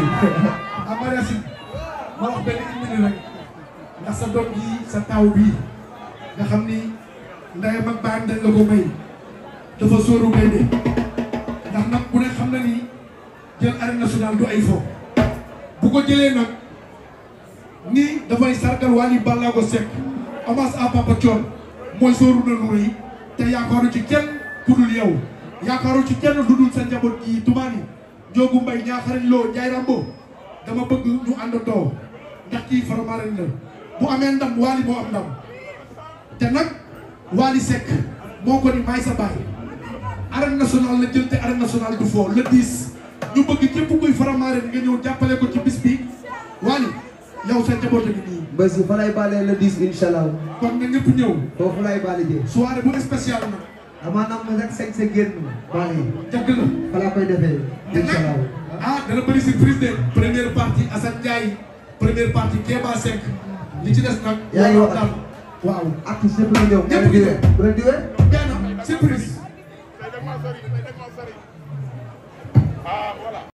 Sy ah Maria Sy ma wax benn une minute rek ndax sa doom ji sa taw bii nga xam ni ndeyam ak baayam dañ la ko may dafa sóoru gaynde ndax nag bu ne xam na ni jël arène nationale du ay fo bu ko jëlee nag ni dafay sargal Wally Ballago Seck hommage à Papa Thione mooy sóoru na lu rëy te yaakaaru ci kenn ku dul yow yaakaaru ci kenn du dul sa njaboot gi tubaani Ndiogou Mbaye Niakhare Lo Ndiaye Rambo dama bëgg ñu àndandoo ndax kii Faramaren la bu amee ndam Wally moo am ndam te nag Wally Seck moo ko ni maay sa baay arène nationale la jël te arène nationale du foo le 10 ñu bëgg képp kuy Faramaren nga ñëw jàppale ko ci bis bi Wally yow sa njaboot bi nii. bés bu fa baalee le 10 incha kon na ñëpp ñëw. foofu lay baale jee. soirée bu spécial dama naan ma nag sañ sa génn. waaw jàpp na. balaa koy defee. incha allah ah dana bëri surprise de première partie Assane Ndiaye première partie Kéba Seck li ci des nag. yaa ngi wax waaw artiste yëpp la ñëw. ñëpp di leen bu leen diwee. benn surprise. ah voilà.